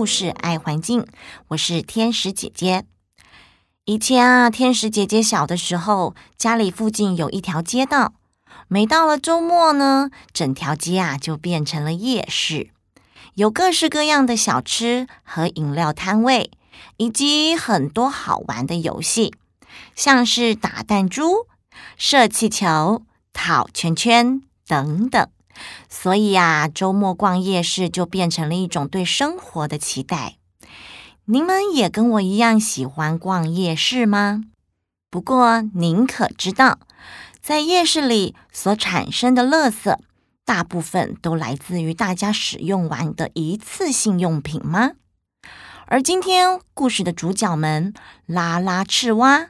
故事愛環境，我是天使姐姐。以前啊，天使姐姐小的時候，家裡附近有一條街道。每到了周末呢，整條街啊就變成了夜市，有各式各樣的小吃和飲料攤位，以及很多好玩的遊戲，像是打彈珠、射氣球、套圈圈等等。所以呀、啊，週末逛夜市就變成了一種對生活的期待。您們也跟我一樣喜歡逛夜市嗎？不過您可知道，在夜市裡所產生的垃圾，大部分都來自於大家使用完的一次性用品嗎？而今天故事的主角們——拉拉赤蛙、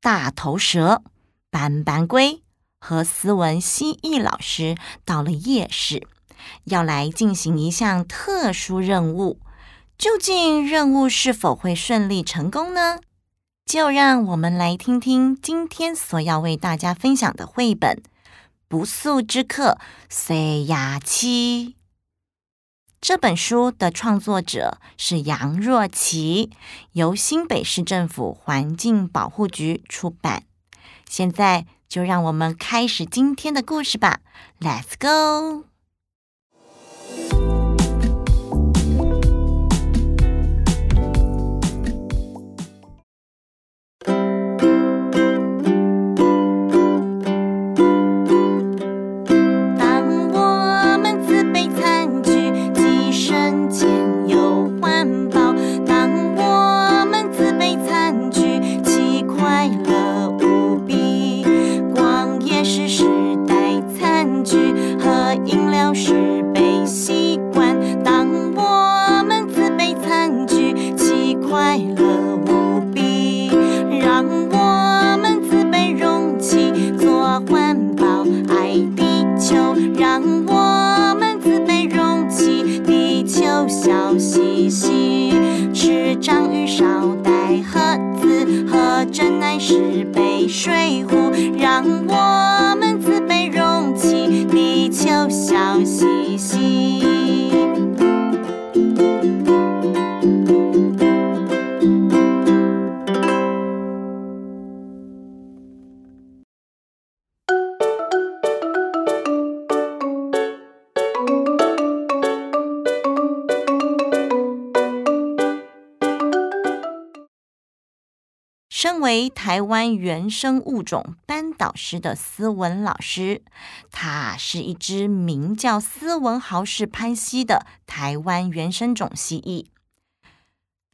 大頭蛇、斑斑龜。和斯文蜥蜴老師到了夜市，要來進行一項特殊任務。究竟任務是否會順利成功呢？就讓我們來聽聽今天所要為大家分享的繪本《不塑之客迺夜市》。這本書的創作者是楊若琪，由新北市政府環境保護局出版。現在。就讓我們開始今天的故事吧，Let's go！台灣原生物種班導師的斯文老師，他是一隻名叫斯文豪氏攀蜥的台灣原生種蜥蜴，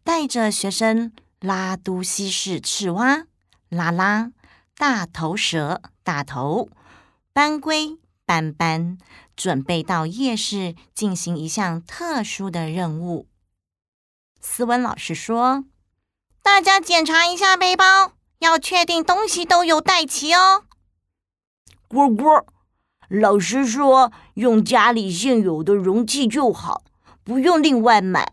帶着學生拉都希氏赤蛙拉拉、大頭蛇大頭、斑龜斑斑，準備到夜市進行一項特殊的任務。斯文老師說：“大家檢查一下背包。”要確定東西都有帶齊哦。蟈蟈老師說，用家裡現有的容器就好，不用另外買。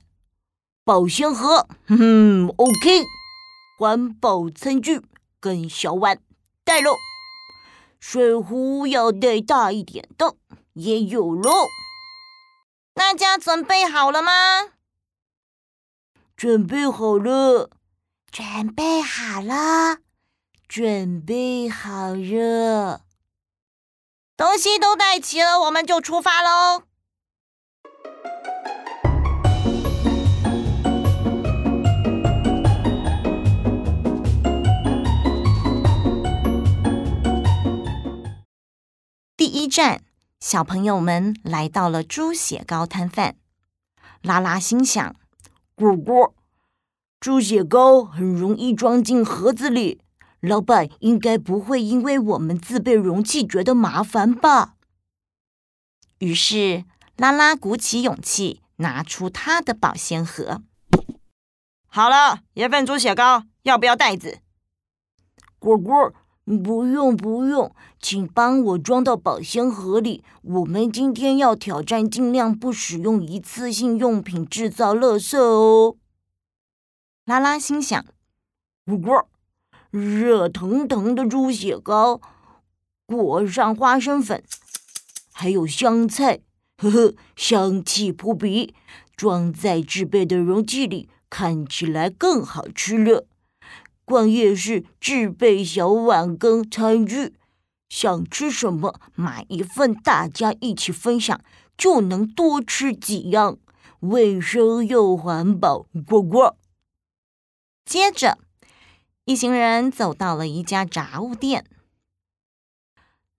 保鮮盒，嗯，OK。環保餐具跟小碗帶嘍。水壺要帶大一點的，也有嘍。大家準備好了嗎？準備好了。準備好了，準備好了，東西都帶齊了，我們就出發嘍。第一站，小朋友們來到了豬血糕攤販。拉拉心想：咕咕。豬血糕很容易裝進盒子裡，老闆應該不會因為我們自備容器覺得麻煩吧？於是拉拉鼓起勇氣拿出他的保鮮盒。好了，一份豬血糕，要不要袋子？果果，不用不用，請幫我裝到保鮮盒裡。我們今天要挑戰，儘量不使用一次性用品，製造垃圾哦。拉拉心想：“果果，熱騰騰的豬血糕，裹上花生粉，還有香菜，呵呵，香氣撲鼻。裝在自備的容器裡，看起來更好吃了。逛夜市，自備小碗跟餐具，想吃什麼買一份，大家一起分享，就能多吃幾樣，衛生又環保。”果果。接着，一行人走到了一家炸物店。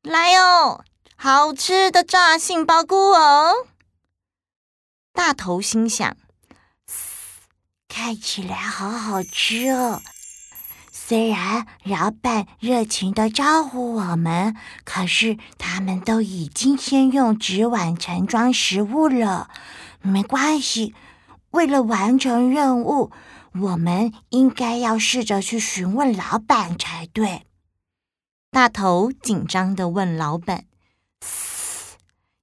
來哦，好吃的炸杏鮑菇哦！大頭心想，看起來好好吃哦、看起來好好吃哦。雖然老闆熱情的招呼我們，可是他們都已經先用紙碗盛裝食物了。沒關係，為了完成任務。我們應該要試着去詢問老板才對。大頭緊張的問老板：“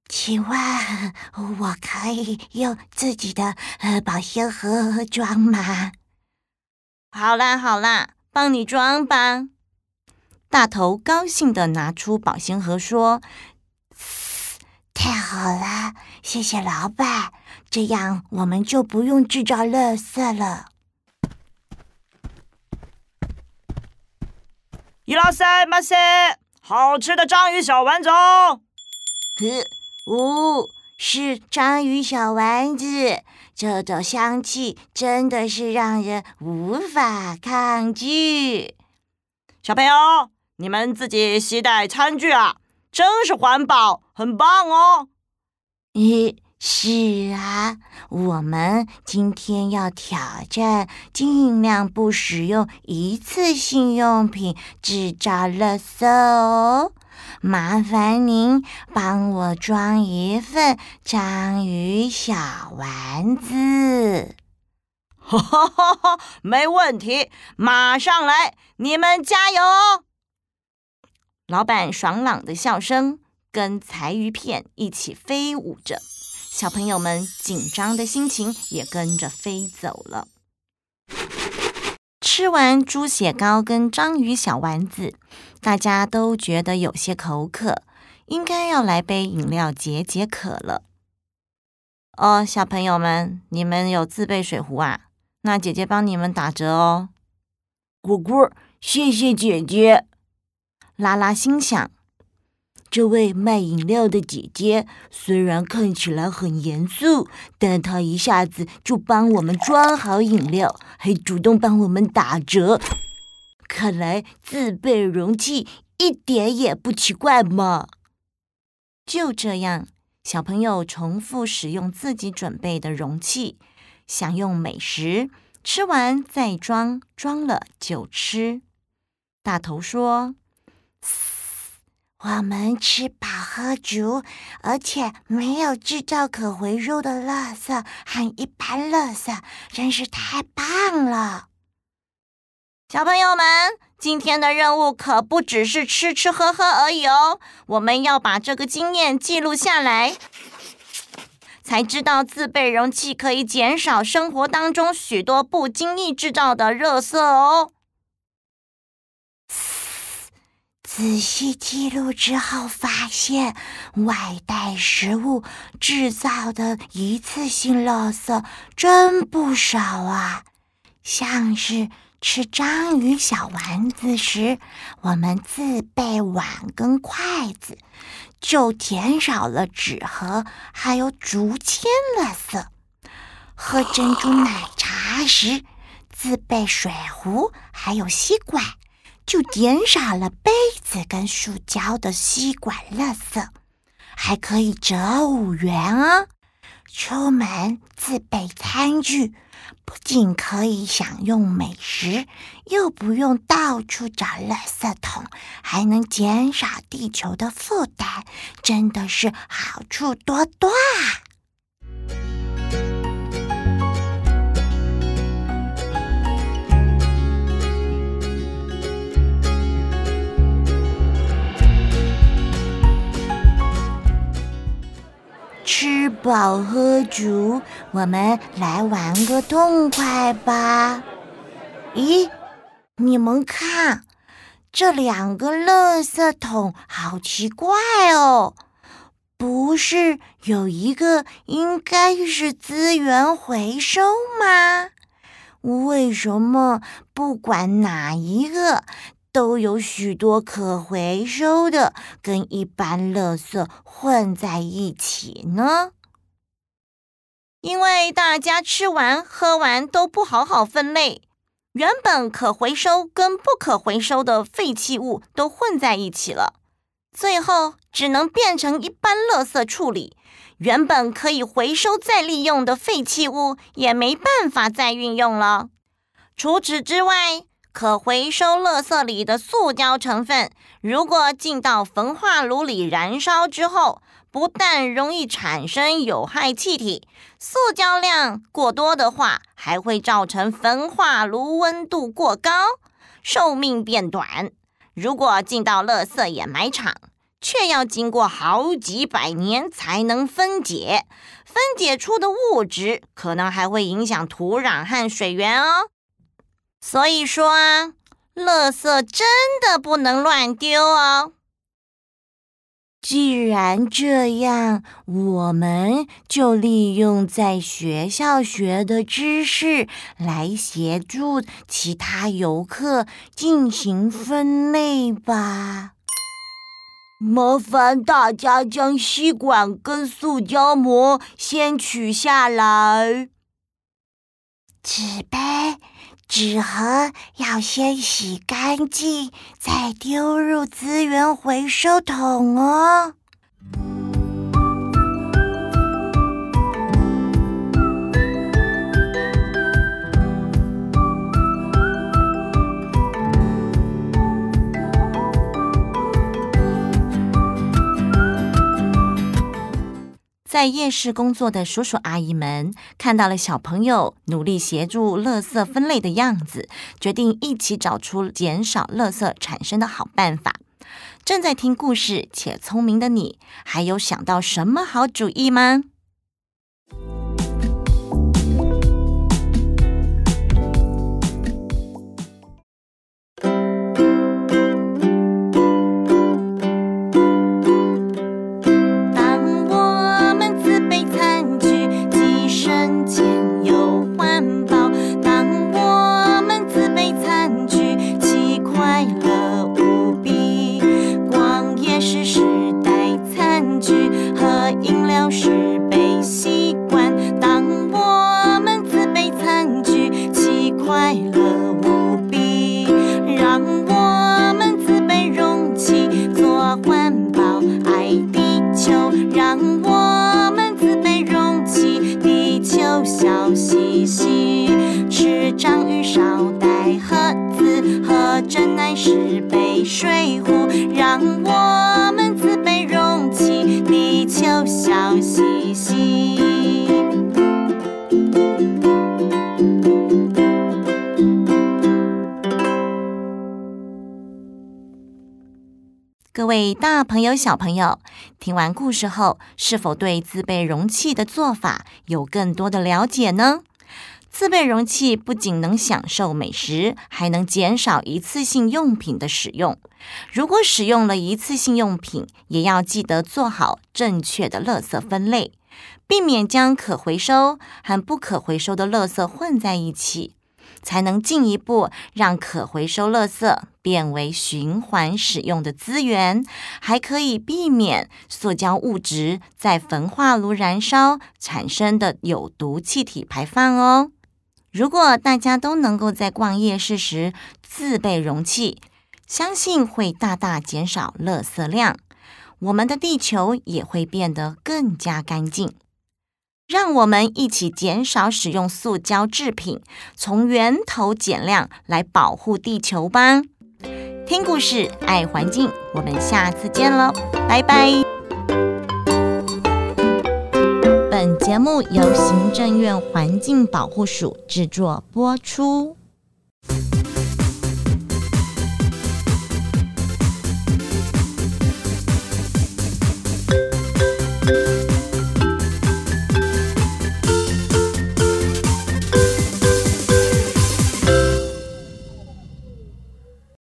請問我可以用自己的呃保鮮盒裝嗎？”“好啦好啦，幫你裝吧。”大頭高興的拿出保鮮盒說：“太好啦，謝謝老板，這樣我們就不用制造垃圾了。”伊拉塞馬斯，好吃的章魚小丸子！呵，哦，是章魚小丸子，這種香氣真的是讓人無法抗拒。小朋友，你們自己攜帶餐具啊，真是環保，很棒哦！一。是啊，我們今天要挑戰，儘量不使用一次性用品，製造垃圾哦。麻煩您幫我裝一份章魚小丸子。呵呵呵，沒問題，馬上來，你們加油！老闆爽朗的笑聲跟柴魚片一起飛舞着。小朋友們緊張的心情也跟着飛走了。吃完豬血糕跟章魚小丸子，大家都覺得有些口渴，應該要來杯飲料解解渴了。哦，小朋友們，你們有自備水壺啊？那姐姐幫你們打折哦。果果，謝謝姐姐。拉拉心想。這位賣飲料的姐姐雖然看起來很嚴肅，但她一下子就幫我們裝好飲料，還主動幫我們打折。看來自備容器一點也不奇怪嘛。就這樣，小朋友重複使用自己準備的容器，享用美食，吃完再裝，裝了就吃。大頭說。我們吃飽喝足，而且沒有製造可回收的垃圾和一般垃圾，真是太棒了！小朋友們，今天的任務可不只是吃吃喝喝而已哦，我們要把這個經驗記錄下來，才知道自備容器可以減少生活當中許多不經意製造的垃圾哦。仔細記錄之後，發現外帶食物製造的一次性垃圾真不少啊！像是吃章魚小丸子時，我們自備碗跟筷子，就減少了紙盒還有竹籤垃圾；喝珍珠奶茶時，自備水壺還有吸管。就減少了杯子跟塑膠的吸管垃圾，還可以折五元啊、哦！出門自備餐具，不僅可以享用美食，又不用到處找垃圾桶，還能減少地球的負擔，真的是好處多多啊！不好喝酒，我們來玩個痛快吧！咦，你們看，這兩個垃圾桶好奇怪哦！不是有一個應該是資源回收嗎？為什麼不管哪一個，都有許多可回收的跟一般垃圾混在一起呢？因為大家吃完喝完都不好好分類，原本可回收跟不可回收的廢棄物都混在一起了，最後只能變成一般垃圾處理。原本可以回收再利用的廢棄物也沒辦法再運用了。除此之外，可回收垃圾裡的塑膠成分，如果進到焚化爐裡燃燒之後，不但容易產生有害氣體，塑膠量過多的話，還會造成焚化爐溫度過高，壽命變短。如果進到垃圾掩埋場，卻要經過好幾百年才能分解，分解出的物質可能還會影響土壤和水源哦。所以說啊，垃圾真的不能亂丟哦。既然這樣，我們就利用在學校學的知識來協助其他遊客進行分類吧。麻煩大家將吸管跟塑膠膜先取下來。紙杯、紙盒要先洗乾淨，再丟入資源回收桶哦。在夜市工作的叔叔阿姨們看到了小朋友努力協助垃圾分類的樣子，決定一起找出減少垃圾產生的好辦法。正在聽故事且聰明的你，還有想到什麼好主意嗎？讓我們自備、容器，地球笑嘻嘻，吃章魚燒帶、帶盒子喝珍奶、十杯、水壺。讓我們自備、容器，地球笑嘻嘻。各位大朋友、小朋友，聽完故事後，是否對自備容器的做法有更多的了解呢？自備容器不僅能享受美食，還能減少一次性用品的使用。如果使用了一次性用品，也要記得做好正確的垃圾分類，避免將可回收和不可回收的垃圾混在一起。才能進一步讓可回收垃圾變為循環使用的資源，還可以避免塑膠物質在焚化爐燃燒產生的有毒氣體排放哦。如果大家都能夠在逛夜市時自備容器，相信會大大減少垃圾量，我們的地球也會變得更加乾淨。讓我們一起減少使用塑膠製品，從源頭減量來保護地球吧！聽故事愛環境，我們下次見囉，拜拜。本節目由行政院環境保護署制作播出。